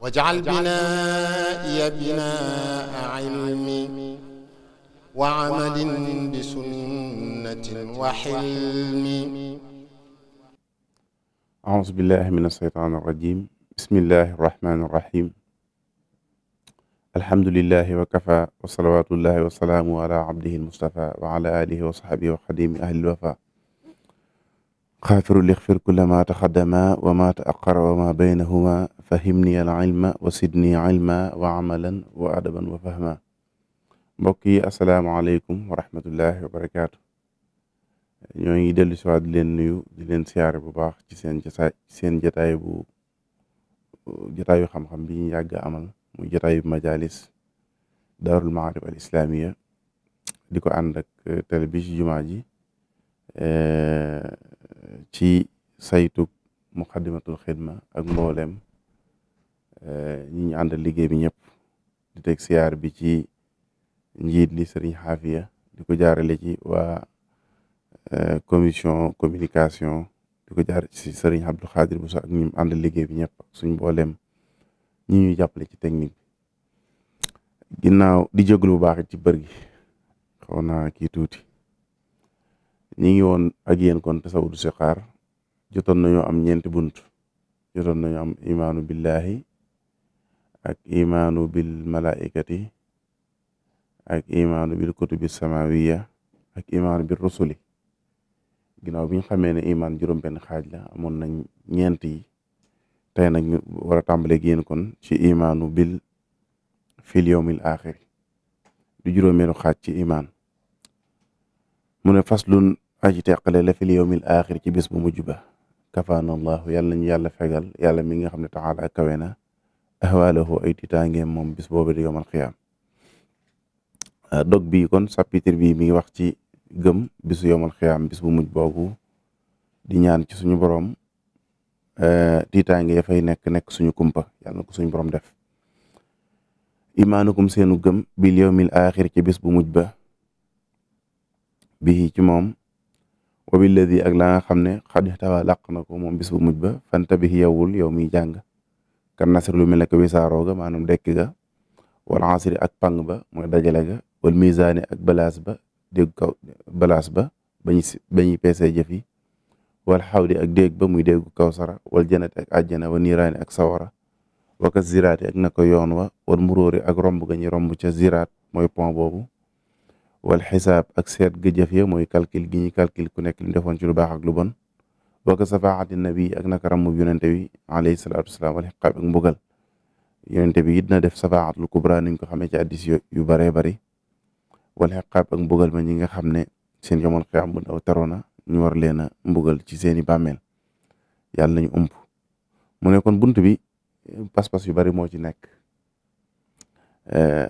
واجعل بنائي بناء علم وعمل بسنة وحلم أعوذ بالله من الشيطان الرجيم بسم الله الرحمن الرحيم الحمد لله وكفى وصلوات الله وسلامه على عبده المصطفى وعلى آله وصحبه وخديم أهل الوفاء xaafiru lixfir kulla ma taxaddama wa ma taaqara wa ma baynahuma fahimni al ilma wa sidni ilma wa amalan wa adaban wa fahma mbokk yi asalaamaaleykum wa rahmatullahi wa barakaatu ñoo ngi dellu si waat di leen nuyu di leen siyaare bu baax ci seen jataay seen jataay bu jataayu xam-xam bi ñu yàgg amal muy jataayu majalis daarul maarif al islamiya di ko ànd ak télé bi ci jumaa ji eh, ci saytu muqaddimatul xidma ak mboolem Eh, ñi ñu àndal liggéey bi ñëpp di teg siyaar bi ci njiit li sëriñ xaafiya di ko jaarale ci waa eh, commission communication di ko jaar ci sëriñ bu Khadir Bousso ak liggéey bi ñëpp suñ mbooleem ñi ñuy jàppale ci technique bi ginnaaw di jéglu bu baax ci bër gi naa kii tuuti ñi ngi woon ak yéen kon tasawudu si xaar jotoon nañu am ñeenti bunt jotoon nañu am imaanu billahi ak imaanu bil malaikati ak imaanu bil kutubi samawiya ak imaanu bil rusuli ginnaaw bi ñu xamee ne imaan juróom-benn xaaj la amoon nañ ñeenti yi tey nag ñu a tàmbaleeg kon ci imaanu bil fil yawmil axir du juróomeelu xaaj ci imaan mu ne faslun aji teqale la fil yawmil axir ci bis mu mujj ba kafaana allahu yàlla fegal yàlla mi nga xam ne taala kawe na ahwaalahu ay tiitaangeem moom bis boobu di yomal ah, dog bi kon chapitre bi mi ngi wax ci gëm bisu yomal xiyaam bis muj boobu di ñaan ci suñu borom eh, tiitaange ya fay nekk nekk suñu kumpa yàlla na suñu borom def imaanukum seenu gëm bil yawmil aaxir ci bis bu mujj ba bii ci moom wa billadi ak la xam ne xad tawa làq na ko moom bis bu ba fanta bi yowul yow miy jàng kan nasr lu mel ne que wisaaroo ga maanaam dekk ga wal asri ak pang ba mooy dajale ga wal misaani ak balaas ba dégg kaw balaas ba bañu bañuy peesee jëf yi wal xawdi ak déeg ba muy déggu kawsara wal janati ak àjjana wa niiraani ak sawara waka ziraati ak na ko yoon wa wal muróori ak romb ga ñu romb ca ziraat mooy pont boobu wal xisaab ak seet ga jëf ya mooy calcul gi ñuy calcul ku nekk li mu defoon ci lu baax ak lu bon wa kasafaati nabi ak naka ramu yonente bi alayhi salaatu wasalaam wal xiqaab ak mbugal bi it na def safaatul kubra niñ ko xamee ci addis yu bëree bëri wal xiqaab ak ma ñi nga xam ne seen yomal xiyaam bu ndaw taroona ñu war leen a mbugal ci seeni bàmmeel yàlla nañu ump mu kon bunt bi pas-pas yu bari moo ci nekk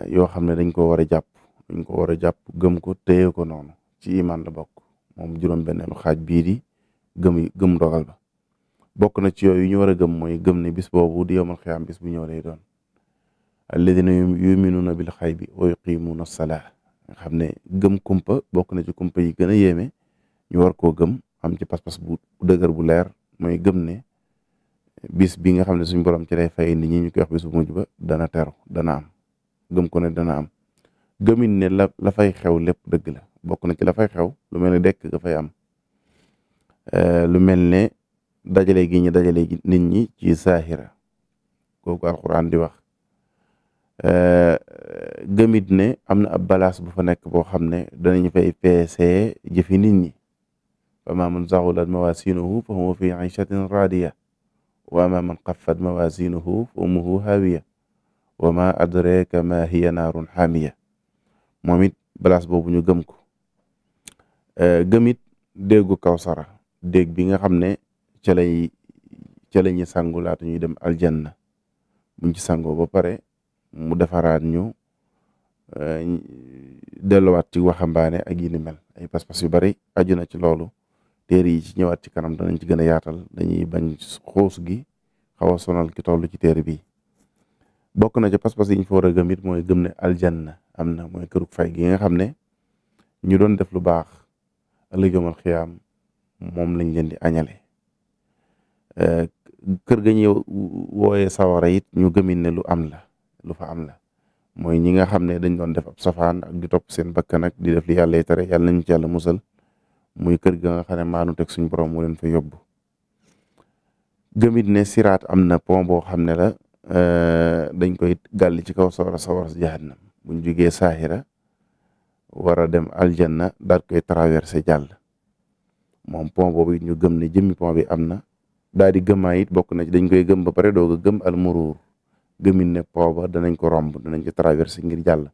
yoo xam ne dañ ko war a jàpp dañ ko war a jàpp gëm ko téye ko noonu ci iman la bokk moom juróom-benneelu xaaj bii di gëm gëm ndogal ba bokk na ci yooyu ñu war a gëm mooy gëm ne bis boobu di yowmal xiyaam bis bu ñëw lay doon alladina yuminuuna bil xaybi wa yuqimuuna salaa nga xam ne gëm kumpa bokk na ci kumpa yi gën a yéeme ñu war koo gëm am ci pas-pas bu dëgër bu leer mooy gëm ne bis bi nga xam ne suñ borom ci lay fay nit ñi ñu koy wax bis bu mujj ba dana teru dana am gëm ko ne dana am gëmin ne la la fay xew lépp dëgg la bokk na ci la fay xew lu mel ne dekk nga fay am Eh, lu mel ne dajale gi ñu dajale nit ñi ci saahira kooku alquran di wax eh, gëmit ne am na ab balaas bu fa nekk boo xam ne danañ fay peesee fi nit ñi fa ma man zaxulat mawasinuhu fa huwa fi ishatin radiya wa ama man xaffat mawasinuhu fa ummuhu hawiya wa ma adraka ma hiya naarun xamiya moom it balaas boobu ñu gëm ko eh, gëmit gu kawsara déeg bi nga xam ne ca lay ca la ñuy sangu laata ñuy dem aljanna mu ci sangoo ba pare mu defaraat ñu euh, delluwaat ci waxambaane ak yi ni mel ay pas-pas yu bari aju na ci loolu téere yi ci ñëwaat ci kanam danañ ci gën a yaatal dañuy bañ xoos gi xaw a sonal ki toll ci téere bi bokk na ci pas-pas yi ñu fa mooy gëm ne aljanna am na mooy kërug fay gi nga xam ne ñu doon def lu baax ëllëgëmal xiyaam moom lañ leen di añale euh, kër ga ñuy wooyee sawara it ñu gëmin ne lu am la lu fa am la mooy ñi nga xam ne dañ doon def ab safaan ak di topp seen bakkan ak di def li yàlla tere yàlla nañ ci yàlla musal muy kër ga nga xam ne maanu teg suñ borom mu leen fa yóbbu gëmit ne siraat am na pont boo xam ne la euh, dañ koy gàll ci kaw sawara sawara si jahannam buñ jugee saaxira war a dem aljanna daal koy traversé jàll moom pont boobu it ñu gëm ne jëmmi pont bi am na daal di it bokk na ci dañ koy gëm ba pare doog a gëm almuruur gëmin ne pont ba danañ ko romb danañ ko traversé ngir jàll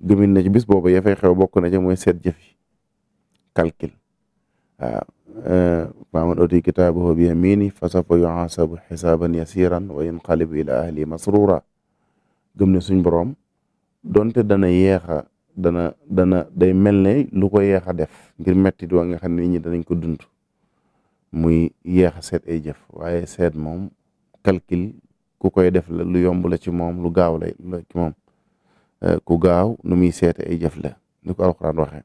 gëmin na ci bis boobu ya fay xew bokk na ci mooy seet jëf yi calcul waaw euh, faman uti kitaabahu bi yamini fa sawfa yuhaasabu xisaaban yasiran wa yanqalibu ila ahli masrura gëm ne suñ boroom donte dana yeexa dana dana day mel ne lu ko yeex a def ngir metti di wa nga xam ne nit ñi danañ ko dund muy yeex a seet ay jëf waaye seet moom calcul ku koy def la lu yomb la ci moom lu gaaw la la ci moom eh, ku gaaw nu muy seete ay jëf la ni ko alxuraan waxee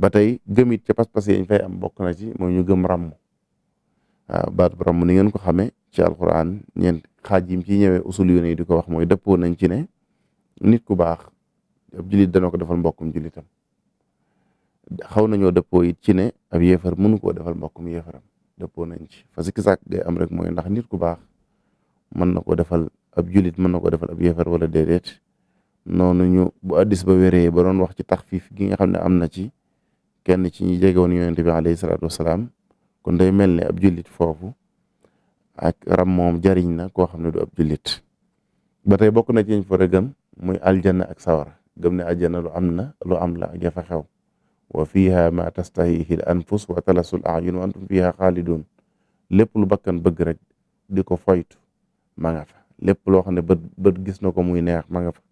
ba tey gëm it ca pas-pas yañ fay am bokk na ci mooy ñu gëm ràmm waaw baat bu ràmm ni ngeen ko xamee ci alxuraan ñeent xaaj yim ci ñëwee usul yu ne di ko wax mooy dëppoo nañ ci ne nit ku baax ab jullit dana ko defal mbokkum jullitam xaw nañoo dëppoo it ci ne ab yeefar mënu koo defal mbokkum yeefaram dëppoo nañ ci fa sikki sàkk day am rek mooy ndax nit ku baax mën na ko defal ab jullit mën na ko defal ab yeefar wala déedéet noonu ñu bu addis ba wéree ba doon wax ci taxfiif gi nga xam ne am na ci kenn ci ñi jege woon yonent bi alayhi salaatu wasalaam kon day mel ne ab jullit foofu ak ram moom jariñ na koo xam ne du ab jullit ba tey bokk na ci ñu fa gëm muy ak sawara gëm ne àjjana lu am na lu am la ak fa xew wa fiha ma tastahihi l anfus wa talasul ayun wa antum fiha xaalidun lépp lu bakkan bëgg rek di ko foytu ma nga fa lépp loo xam ne bët bët gis na ko muy neex ma nga fa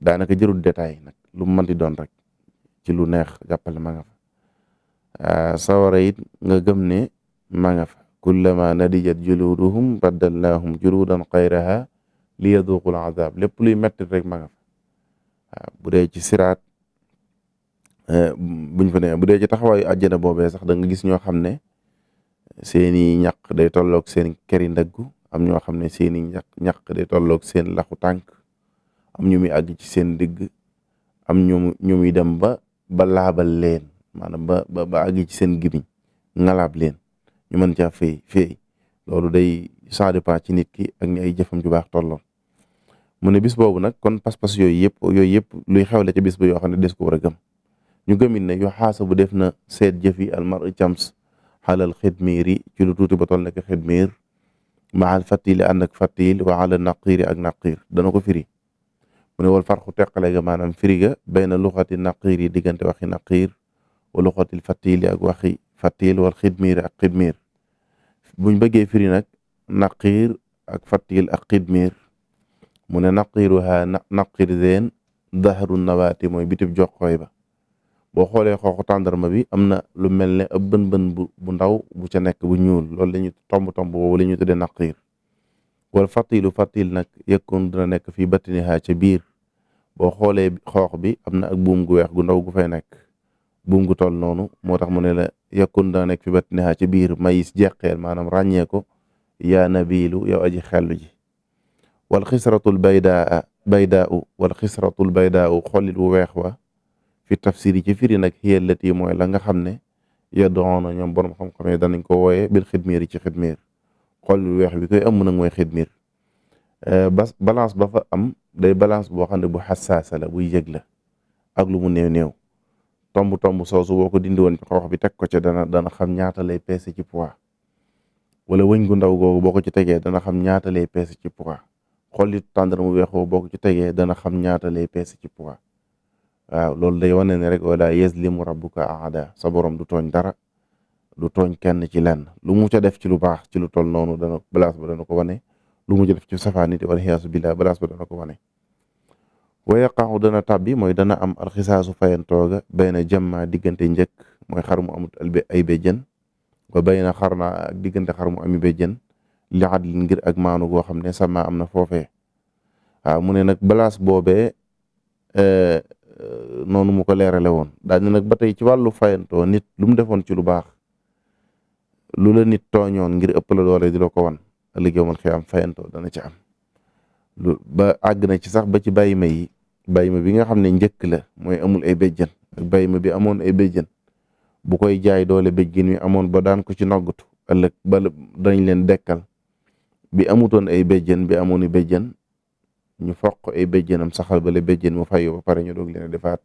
daanaka jërul détail nag lu mu mën di doon rek ci lu neex jàppale ma nga fa ah, sawara it nga gëm ne ma nga fa kullama nadijat juluduhum baddalnahum juludan xayraha li yaduqul azab lépp luy metti rek ma nga fa waaw bu dee ci siraat eh, buñ fa ne bu dee ci taxawaayu àjjana boobe sax daga gis ñoo xam ne seeni ñaq day tolloog seen këri ndaggu am ñoo xam ne seeni ñaq ñaq day tolloog seen laxu tànk am ñu muy àgg ci seen digg am ñu ñu muy dem ba ba laabal leen maanaam ba ba ba àgg ci seen gimiñ ngalaab leen ñu mën caa fay fay loolu day ça dépend ci nit ki ak ñi ay jëfam ju baax tolloon mune ne bis boobu nag kon pas-pas yooyu yëpp yooyu yëpp luy xewle ca bis ba yoo xam ne des ko war a gëm ñu gëmin ne yu xaasa bu def na seet jëf yi almar cams xalal xidmiir yi ci lu tuuti ba toll nekk xidmiir maal fatil ànd ak fatil wa ala naqiir ak naqiir dana ko firi mu ne wal farxu teqale ga maanaam firi ga bayna luxati naqiir yi diggante waxi naqiir wa luxatil fatil yi ak waxi fatil wal xidmiir ak xidmiir buñ bëggee firi nag naqiir ak fatil ak xidmiir mu ne naqiruha naqir zeen dahru nawaati mooy bitib jokkooy ba boo xoolee xooxu tàndarma bi am na lu mel ne ab bën bu bu ndaw bu ca nekk bu ñuul loolu la ñu tomb tomb boobu la ñu tuddee naqir wal fatilu fatil nag yëkkoon dina nekk fii batiniha ca biir boo xoolee xoox bi am na ak buum gu weex gu ndaw gu fay nekk buum gu toll noonu moo tax mu ne la yëkkoon dina nekk fii batiniha ca biir mayis jeqeel maanaam ràññee yaa nabilu yow aji xellu ji wal xisratul baydaa baydaau wal xisratul baydaau xollit wu weex wa fi tafsir yi ci firi nag xiyallat yi mooy la nga xam ne yeddoona ñoom borom xam-xam yi danañ ko wooyee bil xidmiir yi ci xidmiir xollit wu weex bi koy am nag mooy xidmiir euh, bas balance ba fa am day balance boo xam ne bu xassaasa la buy yëg la ak lu mu néew néew tomb tomb soosu boo ko dindi woon ci xoox bi teg ko ci dana dana xam ñaata lay peese ci poids wala wëñ gu ndaw googu boo ko ci tegee dana xam ñaata lay peese ci poids xollitu tàndarma weex boobu boo ko ci tegee dana xam ñaata lay peese ci poids waaw loolu day wane ne rek wala yaslimu rabbuka ahada sa borom du tooñ dara du tooñ kenn ci lenn lu mu ca def ci lu baax ci lu toll noonu dana balaas ba dana ko wane lu mu ca def ci safaan it wala xiyaasu billah balaas ba dana ko wane wa yaqaxu dana tàbbi mooy dana am alxisaasu fayantooga bayna jamma diggante njëkk mooy xar mu amut ay béjjën wa bayna xar naa ak diggante xar mu ami béjjën li adlin ngir ak maanu goo xam ne sama am na foofee waaw mu ne nag balaas boobee eh, noonu mu ko leerale woon daañu nag ba tey ci wàllu fayantoo nit lu mu defoon ci lu baax lu la nit tooñoon ngir ëpp la doole di la ko wan ëllëg yomal xiyam fayantoo dana ci am ba àgg na ci sax ba ci bàyyima yi bàyyima bi nga xam ne njëkk la mooy amul ay béjjën ak bàyyima bi amoon ay béjjën bu koy jaay doole béjjën wi amoon ba daan ko ci noggatu ëllëg ba leen dekkal bi amutoon ay béjjén bi amoon i béjjén ñu foq ay béjjénam saxar bale béjjén mu fay pare ñu doog leen defaat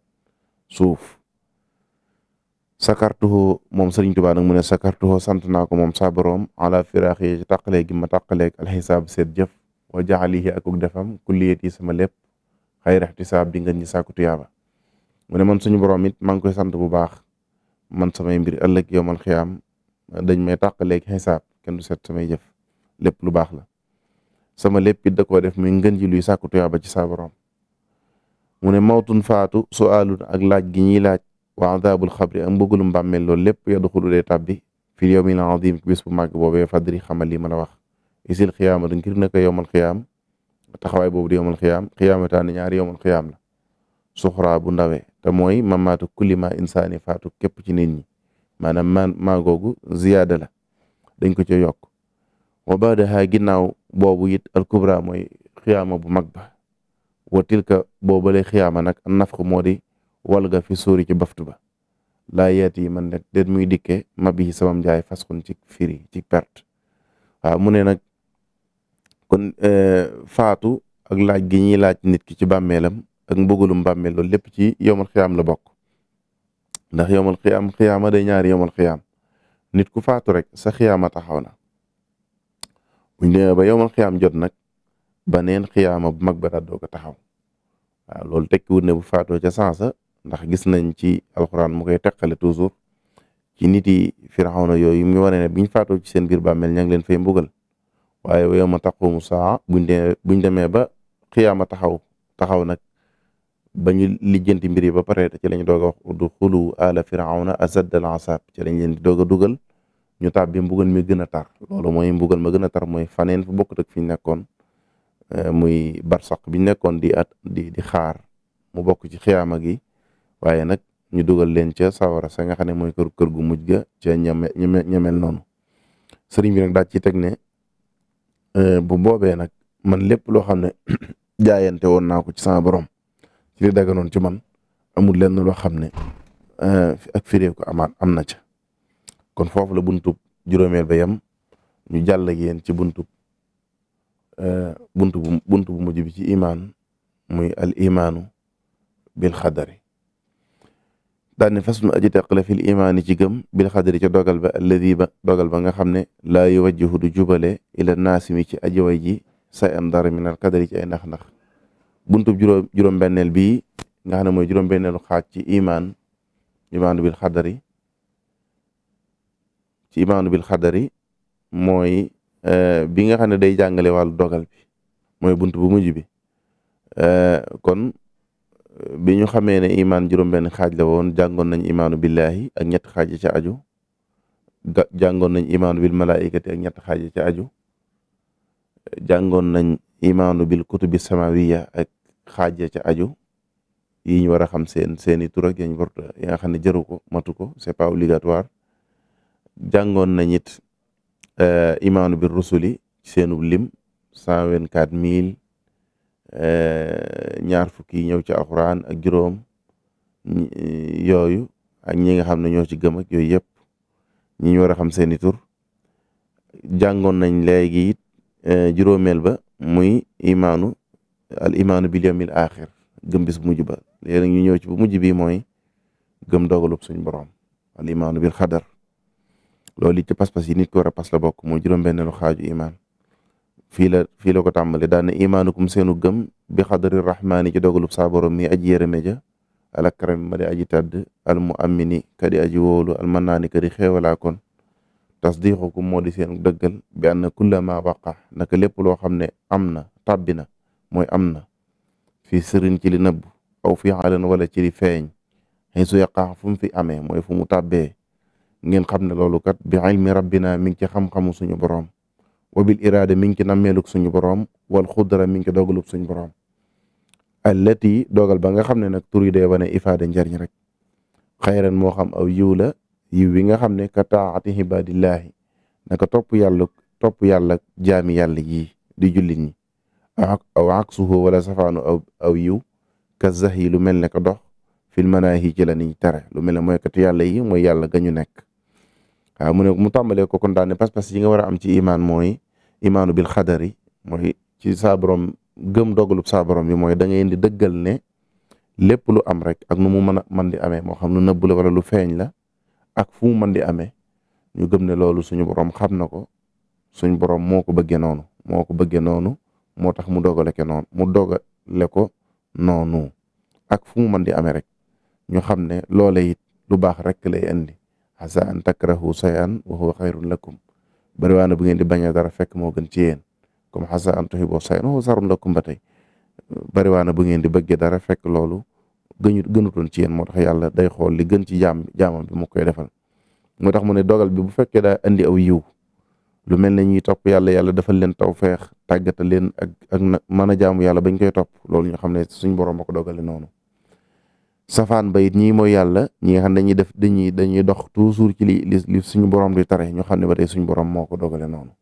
suuf sakartuhu moom Sëriñ Tuubaa nag mu ne sakartuhu sant naa ko moom saaboroom ala firaax yi ci tàqalee gi ma tàqaleeg alxisaab seet jëf wa jaxalihi akuk defam kulliyet yi sama lépp xayra ixtisaab di ngeen ñi sàkku tuyaaba mu ne man suñu borom it maa ngi koy sant bu baax man samay mbir ëllëg yowmal xiyaam dañ may lek xisaab kenn du seet samay jëf lépp lu baax la sama lépp it da koo def muy ngën ji luy sàkku tuyaaba ci saa mu ne mawtun faatu suaalun ak laaj gi ñuy laaj wa adabul xabri ak mbëggalum mbàmmeel loolu lépp yadxulu dee tàbbi fil yawmil aziim ci bis bu màgg boobee fadri xamal li ma la wax isil xiyaamatu ngir na ko yowmal xiyaam taxawaay boobu di yowmal xiyaam xiyaamataani ñaari yowmal xiyaam la suxraa bu ndawee te mooy mamaatu kulli ma insaani faatu képp ci nit ñi maanaam maa maa googu ziyaada la dañ ko ca yokk wa baadaha ginnaaw boobu it al kubra mooy xiyaama bu mag ba wa tilka boobale xiyaama nag an nafxu moo di walga fi suuri ci baftu ba laa yeeti man nag muy dikke ma bii samam njaay fasxun ci firi ci perte waaw mu ne nag kon euh, faatu ak laaj gi ñuy laaj nit ki ci bàmmeelam ak mbëggalum bàmmeel loolu lépp ci yowmal xiyaam la bokk ndax yowmal xiyaam xiyaama day ñaari yowmal xiyaam nit ku faatu rek sa xiyaama taxaw na buñ demee ba yowmal xiyaam jot nag baneen xiyaama bu mag ba daal doo taxaw waaw loolu tekkiwut ne bu faatoo ca sansa ndax gis nañ ci alxuraan mu koy teqale toujours ci nit yi firawna yooyu mu wane ne biñ faatoo ci seen biir bàmmeel ña ngi leen fay mbugal waaye yowma taqumu saa buñ demee buñ demee ba xiyaama taxaw taxaw nag ba ñu lijjanti mbir yi ba pare ci lañ doog a wax du xulu ala firawna azaddal asab ci lañ leen di doog a dugal ñu tàbbi mbugal mi gën a tar loolu mooy mbugal ma gën a tar mooy faneen fu bokk ak fi ñu nekkoon eh, muy barsax bi ñu nekkoon di at di di xaar mu bokk ci xiyaama gi waaye nag ñu dugal leen ca sawara sa nga xam ne mooy kër kër gu muj ga ca ñeme ñemel noonu sëriñ bi nag daal ci teg ne eh, bu boobee nag man lépp loo xam ne jaayante woon naa ko ci sama borom ci li daganoon ci man amul lenn loo xam ne eh, ak firee ko amaat am na ci kon foofu la buntub juróomeel ba yem ñu jàll ak ci buntub euh, buntu bu buntu bu mujj bi ci imaan muy al imaanu bil xadari daal ne faslu aji teqale fil imaani ci gëm bil xadari ca dogal ba alladi ba dogal ba nga xam ne laa yuwajjihu du jubale ila naasimi ci aji way ji say an dara min al xadari ci ay nax-nax buntub juróom benneel bii nga xam ne mooy juróom-benneelu xaaj ci imaan imaanu bil xadari ci imaanu bil xadari mooy eh, bi nga xam ne day jàngale wàllu dogal bi mooy bunt bu mujj bi eh, kon bi ñu xamee ne imaan juróom-benn xaaj la woon jàngoon nañ imaanu billahi ak ñett xaaj ci aju jàngoon nañ imaanu bil malaikati ak ñett xaaj ci aju jàngoon nañ imaanu bil kutubi samawiya ak xaaj ci aju yi ñu war a xam seen seeni tur gen yañ war yi nga xam ne jëru ko matu ko c'est pas obligatoire jàngoon nañ it euh, imaanu bi rusuli seenub lim cent vingt quatre mille euh, ñaar fukki ñëw ci alxuraan ak juróom euh, yooyu ak ñi nga xam ne ñoo ci gëm ak yooyu yëpp ñi ñu war a xam seeni tur jàngoon nañ léegi it juróomeel ba muy imaanu al imaanu bil yawmil axir gëm bis bu mujj ba léegi ñu ñëw ci bu mujj bi mooy gëm dogalub suñ borom al imaanu bil xadar loolu it ci pas-pas yi nit ko war a pas la bokk mooy juróom imaan fii la fii la ko tàmbale daan imaan imaanukum seenu gëm bi xadari rahmaani ci dogalub saa borom mi aji yërëme ja al akram ma di aji tàdd al mu amini kadi aji wóolu al mannaani kadi xeewalaa kon tasdiqukum moo di seen dëggal bi anna kulla ma waqa naka lépp loo xam ne am na tàbbi na mooy am na fii sërin ci li nëbb aw fii xaalan wala ci feeñ xëy su yaqaax fu mu fi amee mooy fu mu tàbbee ngeen xam ne loolu kat bi ilmi rabbina mi ngi ci xam suñu boroom wa bil iraada mi ngi ci nammeelug suñu boroom wal xudra mi ngi ci dogalug suñu boroom allati dogal ba nga xam ne nag tur yi day wane ifaada njariñ rek xayran moo xam aw yiw la yiw wi nga xam ne ka taati ibadillaahi naka topp yàlla topp yàlla jaami yàlla yii di jullit ñi aw aksuhu wala safaanu aw aw yiw ka zahi lu mel ne ka dox fil manaahi ci la niñ tere lu mel ne mooy kat yàlla yi mooy yàlla gañu nekk waaw mu ne mu tàmbalee ko kontaane daane pas-pas nga war a am ci imaan mooy imaanu bil xadari mooy ci saa borom gëm dogalub saa borom bi mooy da indi di dëggal ne lépp lu am rek ak nu mu mën a mën di amee moo xam lu nëbb la wala lu feeñ la ak fu mu mën di amee ñu gëm ne loolu suñu borom xam na ko suñu borom moo ko bëggee noonu moo ko bëggee noonu moo tax mu dogale ko noonu mu dogale ko noonu ak fu mu mën di amee rek ñu xam ne loolee it lu baax rek lay indi xasa an takrahu shay'an wa huwa xayrun lakum bariwaana bu ngeen di bañ a dara fekk moo gën ci yéen comme xasa an tuhibbu shay'an wa huwa sharrun lakum ba tey bariwaana bu ngeen di bëggee dara fekk loolu gëñu gënutoon ci yéen moo tax yàlla day xool li gën ci jaam jaamam bi mu koy defal moo tax mu ne dogal bi bu fekkee daa indi aw yiw lu mel ne ñuy topp yàlla yàlla defal leen tawfeex tàggata leen ak ak mën a jaamu yàlla bañ koy topp loolu ñu xam ne suñ borom a ko dogale noonu safaan ba ñi mooy yàlla ñi nga xam dañuy def dañuy dañuy dox toujours ci li li suñu borom di tare ñu xam ne ba tey suñu borom moo ko dogale noonu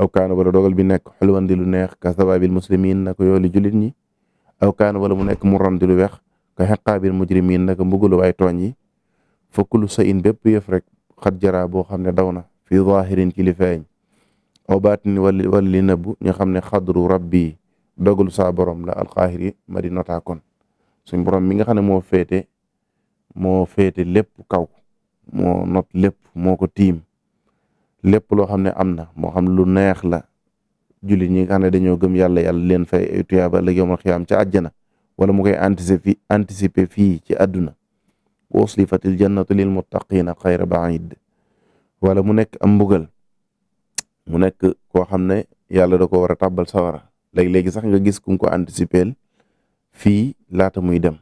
aw kaana wala dogal bi nekk xulwan di lu neex ka sababil muslimin na ko yooli jullit ñi aw kaana wala mu nekk murran di lu weex ka xeqaabil mujrimin naka mbugalu waay tooñ yi fa kullu sa in bépp yëf rek xat jaraa boo xam ne daw na fi zahirin ci li feeñ aw baatin wala li nëbb ñu xam ne xadru rabbi dogalu saa borom la alqaahiri ma di notaa suñ borom mi nga xam ne moo féete moo féete lépp kaw moo not lépp moo ko tiim lépp loo xam ne am na moo xam lu neex la jullit ñi nga xam ne dañoo gëm yàlla yàlla leen fay ay tuyaaba la yawmal xiyaam ca àjjana wala mu koy anticiper anticiper fii ci àdduna wa uslifatil jannatu lil muttaqina xayra baid wala mu nekk am mbugal mu nekk koo xam ne yàlla da ko war a tàbbal sawara léegi-léegi sax nga gis kum ko anticiper fii laata muy dem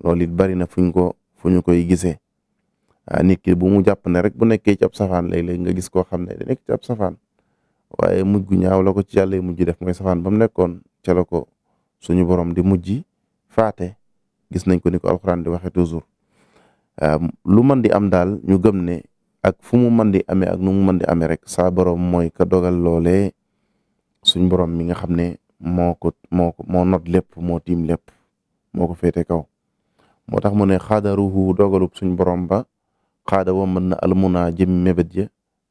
loolu it bari na fuñ ko fu ñu koy gisee ah, nit ki bu mu jàpp ne rek bu nekkee ci ab safaan léeg-léeg nga gis koo xam ne da nekk ci ab safaan waaye mujj gu ñaaw la ko ci yàlla mujj def mooy safaan ba mu nekkoon ca ko suñu borom di mujj faate gis nañ ko ni ko alxuraan di waxee toujours ah, lu man di am daal ñu gëm ne ak fu mu man di amee ak nu mu man di amee rek saa borom mooy ka dogal loole suñ borom mi nga xam ne moo ko moo ko not lépp moo tiim lépp moo ko féete kaw moo tax mu ne xaadaruhu dogalub suñ borom ba xaada wa mën na almuna jëm mébét ja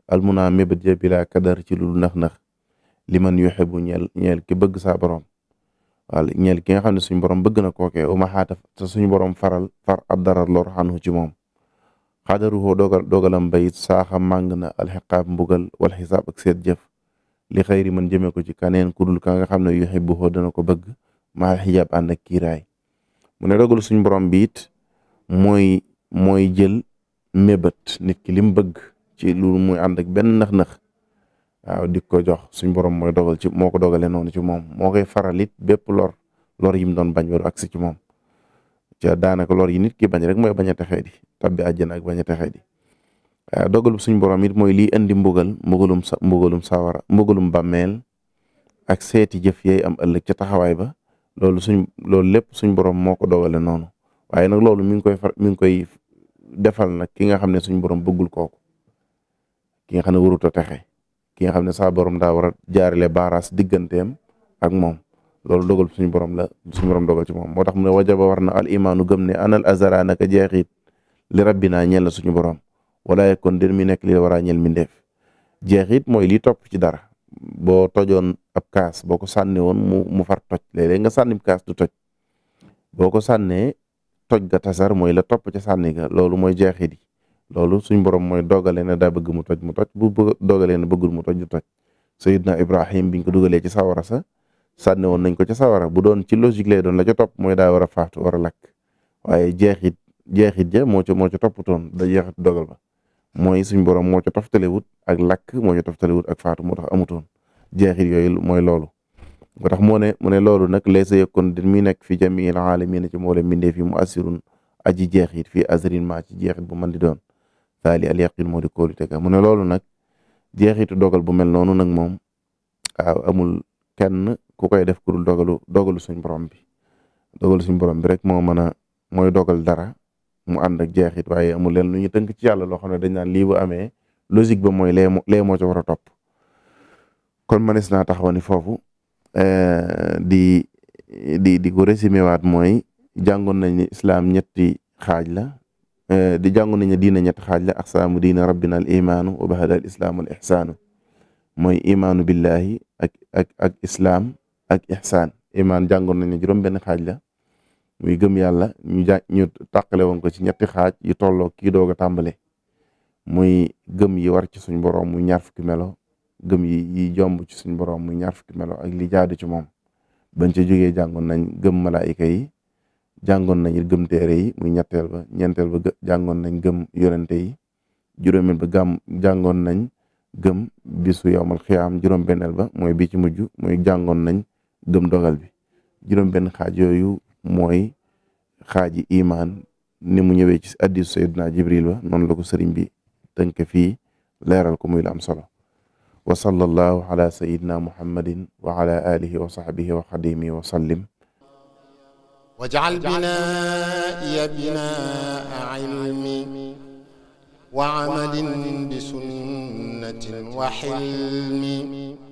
almuna mébét ja bila kadar ci lu nax-nax li man yuxibu ñeel ñeel ki bëgg saa borom waaw ki nga xam ne suñ borom bëgg na kookee uma xaata te suñ borom faral far ab dara lor xanu ci moom xaadaruhu dogal dogalam bayit saaxa màng na alxiqaab mbugal wal xisaab ak seet jëf li xayri man jëmee ko ci kaneen kudul ka nga xam ne yuhibbuhu dana ko bëgg maa xijaab ànd ak kiiraay mu ne dogal suñ borom bi it mooy mooy jël mébét nit ki lim bëgg ci lu moy ànd ak benn nax-nax waaw di ko jox suñ borom mooy dogal ci moo ko dogalee noonu ci moom moo koy faral it bépp lor lor yim doon bañ ba du ci moom ca daanaka lor yi nit ki bañ rek mooy bañ a texee di tabbi àjjana ak bañ a texee di Eh, dogalum suñ borom mooy liy indi mbugal mbugalum sa mbugalum sawara mbugalum bàmmeel ak seeti jëf yey am ëllëg ca taxawaay ba loolu suñ loolu lépp suñ borom moo ko dogale noonu waaye nag loolu mi ngi koy far mi ngi koy defal nag ki nga xam ne suñ borom bëggul kooku ki nga xam ne warut a texe ki nga xam ne saa borom daa war a jaarale baaraas digganteem ak moom loolu dogal suñu borom la suñu borom dogal ci moom moo tax mu ne wajaba war na al imaanu gëm ne anal azara naka jeexit li rabbinaa ñeel la suñu borom. wala kon der mi nekk li la war a ñel mi ndeef jeexit mooy li topp ci dara boo tojoon ab kaas boo ko sànni woon mu mu far toj léeg nga sànnim kaas tu toj boo ko sànnee toj ga tasar mooy la topp ca sànni ga loolu mooy jeexit loolu suñ borom mooy dogale na daa bëgg mu toj mu toj bu dogalee na bëggul mu toj du toj Seydina Ibrahim biñ ko dugalee ci sawara sa sànni woon nañ ko ca sawara bu doon ci logique lay doon la ca topp mooy daa war a faatu war a lakk waaye jeexit jeexit ja moo ca moo ca toppatoon da jeexit dogal ba mooy suñ borom moo ca toftalewut ak lak moo tof toftalewut ak faatu moo tax amutoon jeexit yooyu mooy loolu. moo tax moo ne mu ne loolu nag laysa yakun din mi nekk fi jamiil aalamiina ci mboolem mbindeef yi mu assirun aji jeexit fii azrin ma ci jeexit bu mën di doon saali al yaqin moo di kóolute ga mu ne loolu nag jeexitu dogal bu mel noonu nag moom waaw amul kenn ku koy def ku dul dogalu suñ borom bi dogalu suñ borom bi rek moo mën a mooy dogal dara mu ànd jeexit waaye mu leen lu ñu tënk ci yàlla loo xam ne dañ naan lii bu amee logique ba mooy lee lee moo ca war a topp kon manes naa taxaw ni foofu eh, di di di ko résumé waat mooy jàngoon nañ ni islaam ñetti xaaj la eh, di jàngoon nañ ne diina ñett xaaj la aqsaamu diina rabbina al imaanu wa bahada al islaamu al ihsaanu mooy imaanu billahi ak ak islaam ak ihsaan imaan jàngoon nañ ne benn xaaj la muy gëm yàlla ñu ja ñu tàqale woon ko ci ñetti xaaj yi tolloo kii doog a tàmbale muy gëm yi war ci suñ borom muy ñaar fukki melo gëm yi yi jomb ci suñ borom muy ñaar fukki melo ak li jaadu ci moom bañ ca jógee jàngoon nañ gëm malaayika yi jàngoon nañ gëm téere yi muy ñetteel ba ñeenteel ba jàngoon nañ gëm yonente yi juróomeel ba jàngoon nañ gëm bisu yowmal xiyaam juróom benneel ba mooy bi ci mujj mooy jàngoon nañ gëm dogal bi juróom benn xaaj yooyu mooy xaaji imaan ni mu ñëwee ci addisu sayyidina jibril ba noonu la ko sëriñ bi tënk fii leeral ko muy la am solo wa sallallahu ala sayyidina muhammadin wa ala alihi wa sahbihi wa xadimihi wa sallim waj'al binaa'iya binaa'a ilmi wa amalin bi sunnatin wa hilmi